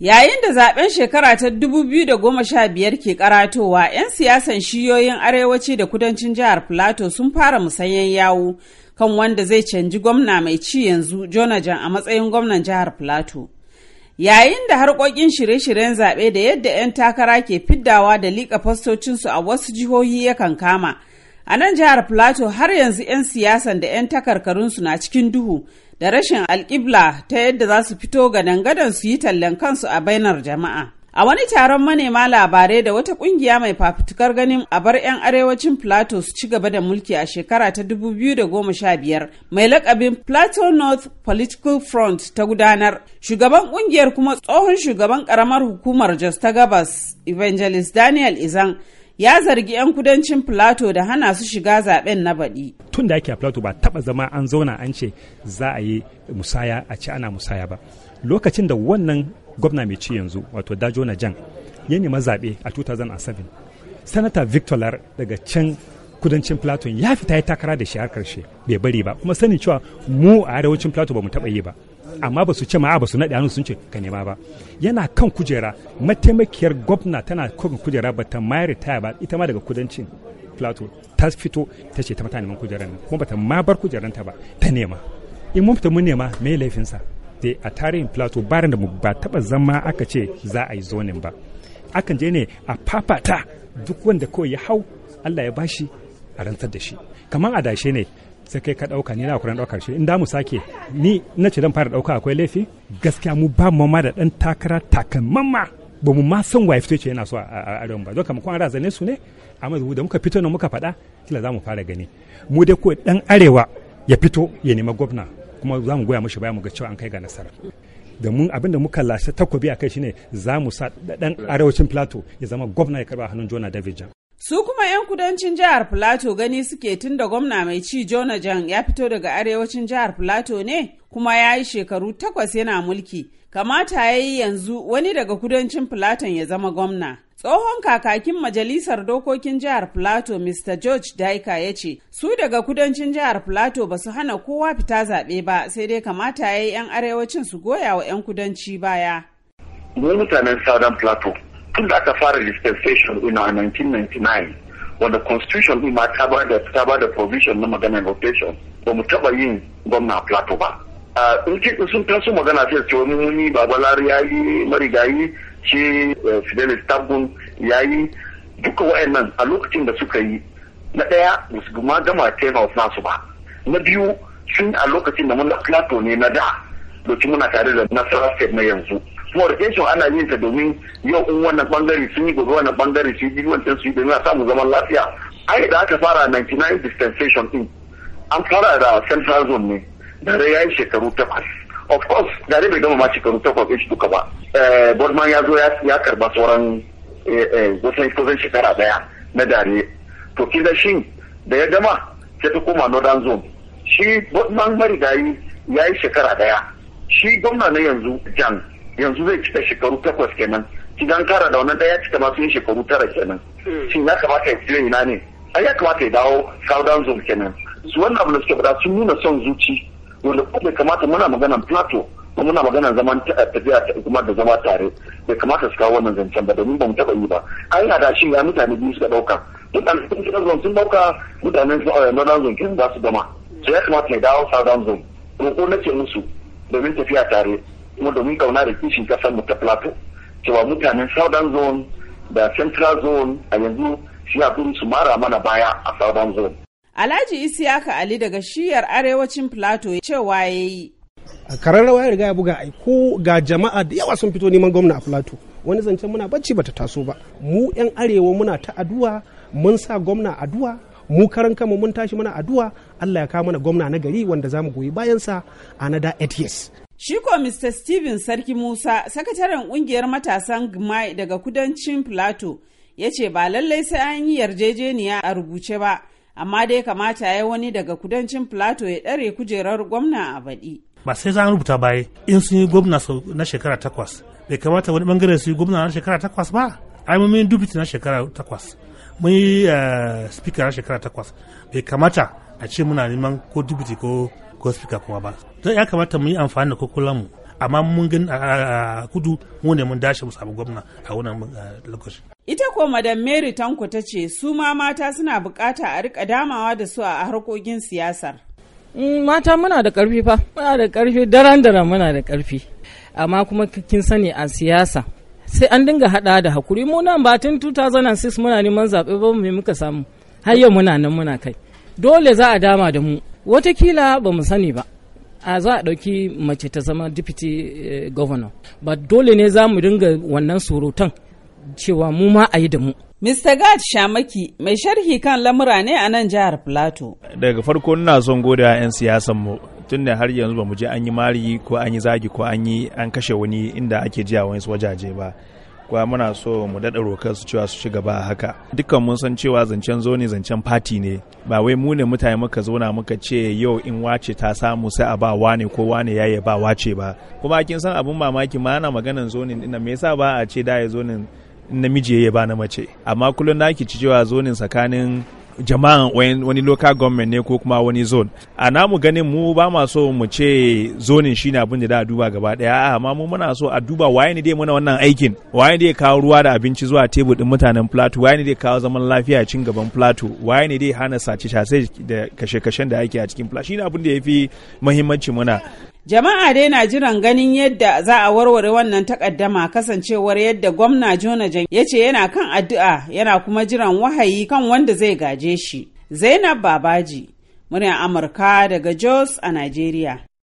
Yayin da zaben shekara ta 2015 ke karatowa, 'yan siyasan shiyoyin arewaci da kudancin jihar Plateau sun fara musayen yawo kan wanda zai canji gwamna mai ci yanzu Jonajan a matsayin gwamnan jihar Plateau. Yayin da harkokin shirye-shiryen zaɓe da yadda 'yan takara ke fiddawa da liƙa fastocinsu a wasu jihohi yakan kama. A nan jihar Plateau har yanzu 'yan siyasan da 'yan takarkarunsu na cikin duhu da rashin alƙibla ta yadda za su fito ga dangadan su yi tallan kansu a bainar jama'a. A wani taron manema labarai da wata ƙungiya mai fafutukar ganin a bar 'yan arewacin Plateau su ci gaba da mulki a shekara ta 2015 mai lakabin Plateau North Political Front ta gudanar. Shugaban ƙungiyar kuma tsohon shugaban ƙaramar hukumar Jos ta Gabas Evangelist Daniel Izan ya zargi 'yan kudancin plateau da hana su shiga zaben na baɗi. tun da ake a plateau ba taɓa zama an zauna an ce za a yi musaya a ce ana musaya ba lokacin da wannan gwamna mai ci yanzu wato dajo na jan ya nema zaɓe a 2007 sanata victor lar daga can kudancin plateau ya fita ya takara da shi har karshe bai bari ba kuma sanin cewa mu a arewacin plateau ba mu taɓa yi ba amma ba su ce ma ba su naɗe hannu sun ce ka nema ba yana kan kujera mataimakiyar gwamna tana kan kujera ba ta ma ritaya ba ita ma daga kudancin plato ta fito ta ce ta mata neman kujeran nan kuma ba ta ma bar ta ba ta nema in mun fita mun nema me laifinsa Da a tarihin plato barin da mu ba taba zama aka ce za a yi zonin ba akan je ne a fafata duk wanda kawai ya hau Allah ya bashi a rantsar da shi kamar adashe ne sai kai ka ɗauka ni na kuran ɗaukar shi in da mu sake ni na ce dan fara ɗauka akwai laifi gaskiya mu ba mu ma da ɗan takara ma ba mu ma san waye ce yana so a arewa ba doka kamar kuma razane su ne amma da muka fito na muka faɗa kila za mu fara gani mu dai ko ɗan arewa ya fito ya nema gwamna kuma za mu goya mashi baya mu ga cewa an kai ga nasara da mun abin da muka lashe takobi a kai shine za mu sa ɗan arewacin plateau ya zama gwamna ya karba hannun jona david Su kuma 'yan kudancin jihar Filato gani suke tun da gwamna mai ci Jonajan ya fito daga arewacin jihar Filato ne kuma ya yi shekaru takwas yana mulki. Kamata ya yi yanzu wani daga kudancin Filaton ya zama gwamna. Tsohon kakakin Majalisar Dokokin Jihar Filato Mr. George Daika ya ce, su daga kudancin jihar Filato ba su hana kowa fita zaɓe ba sai dai kamata ya yi 'yan arewacin su goya wa 'yan kudanci baya. Mu mutanen Southern Plateau tun da aka fara dispensation ina a 1999 wanda constitution ɗin ma ta ba da ta ba da provision na magana rotation ba mu taɓa yin gwamna plato ba in sun taso magana sai ce wani muni babalar ya yi marigayi ce eh, fidelis tabgun ya yi duka wa'annan a lokacin da suka yi na ɗaya ba su gama gama tenors nasu ba na biyu sun a lokacin da muna plato ne na da lokacin muna tare da nasarar state na yanzu kuma ana yin ta domin yau in wannan bangare sun yi gobe wannan bangare su yi wancan su yi domin a samu zaman lafiya ai da aka fara 99 dispensation din an fara da central zone ne da dare ya yi shekaru takwas of course dare bai gama ma shekaru takwas ya duka ba eh, boardman ya zo ya karba sauran wasan eh, eh, kusan shekara daya na dare to kila shi da ya gama sai ta koma northern zone shi boardman marigayi ya yi shekara daya shi gwamna na yanzu jan yanzu zai cika shekaru takwas kenan idan kara da wannan ya cika masu yin shekaru tara kenan hmm. shin ya kamata ya fiye ina ne ai ya kamata ya dawo southern zone kenan su wannan abu da suke bada sun nuna son zuci wanda bai kamata muna maganan plateau muna magana zaman tafiya ta kuma da zama tare bai kamata su kawo wannan zancen ba domin ba mu taɓa yi ba an yi da shi ya mutane biyu suka dauka mutanen sun kira zon sun ɗauka mutanen eh, northern zone kenan za su gama so ya kamata ya dawo southern zone roƙo na ce musu domin tafiya tare kuma domin kauna da kishin kasar mu ta plateau cewa mutanen southern zone da central zone a yanzu shi su mara mana baya a southern zone Alhaji Isiyaka Ali daga shiyar arewacin Plateau cewa ya yi. Kararrawa ya riga ya buga aiko ko ga jama'a da yawa sun fito neman gwamna a Plateau. Wani zancen muna bacci bata taso ba. Mu 'yan arewa muna ta addu'a mun sa gwamna addu'a mu karan kanmu mun tashi muna addu'a Allah ya kawo mana gwamna na gari wanda za mu goyi bayansa a na da 8 years. shiko Mr. Steven Sarki Musa, sakataren kungiyar matasan Gmai daga kudancin Plateau, ya ce ba lallai sai an yi yarjejeniya a rubuce ba, amma dai kamata ya wani daga kudancin Plateau ya ɗare kujerar gwamna a baɗi. Ba sai za rubuta baya in sun yi gwamna na shekara takwas, bai kamata wani bangare su yi gwamna na shekara takwas ba, ai mun dubiti na shekara takwas, mun yi eh, speaker na shekara takwas, bai kamata a ce muna neman ko dubiti ko ko speaker kuma ba don ya kamata mu yi amfani da kokulan mu amma mun gani a kudu mu ne mun dashi mu samu gwamna a wannan lokaci ita ko madam mary tanko ta ce su ma mata suna bukata a rika damawa da su a harkokin siyasar mm, mata muna da karfi fa muna da karfi daren daren muna da karfi amma kuma kin sani a siyasa sai an dinga hada da hakuri mu nan batun 2006 muna neman zaɓe ba mu muka samu har yau muna nan muna kai dole za a dama da mu watakila ba mu sani ba a za a ɗauki mace ta zama deputy eh, governor ba dole ne za mu dinga wannan surutan cewa mu ma a yi da mu Mr. Gad Shamaki mai sharhi kan lamura ne a nan jihar Plateau. Daga farko ina son gode 'yan siyasan mu tun da har yanzu ba mu je an yi mari ko an yi zagi ko an yi an kashe wani inda ake jiya wani wajaje ba. kuwa muna so mu daɗa rokar su cewa su ci gaba haka dukkan mun san cewa zancen zo ne zancen fati ne ba wai mu ne mutane muka zauna muka ce yau in wace ta samu sai a ba wane ko wane ya ba wace ba kuma kin san abun mamaki ma ana maganan zonin ina me yasa ba a ce da ya zonin namiji ya ba na mace amma kullum naki ci cewa zonin tsakanin jama'an wani local government ne ko kuma wani zone a namu ganin mu ba ma so mu ce zonin ne abin da a duba gaba daya amma mu muna so a duba waye ne dai muna wannan aikin waye ne dai kawo ruwa da abinci zuwa tebur din mutanen plateau waye ne dai kawo zaman lafiya cin gaban plateau waye ne dai hana sace sace da kashe kashen da ake a cikin plateau shi ne abin da ya fi muhimmanci muna Jama'a dai na jiran ganin yadda za a warware wannan takaddama kasancewar yadda gwamna Jonajan ya ce yana kan addu'a yana kuma jiran wahayi kan wanda zai gaje shi. Zainab Babaji, murya Amurka daga Jos a Najeriya.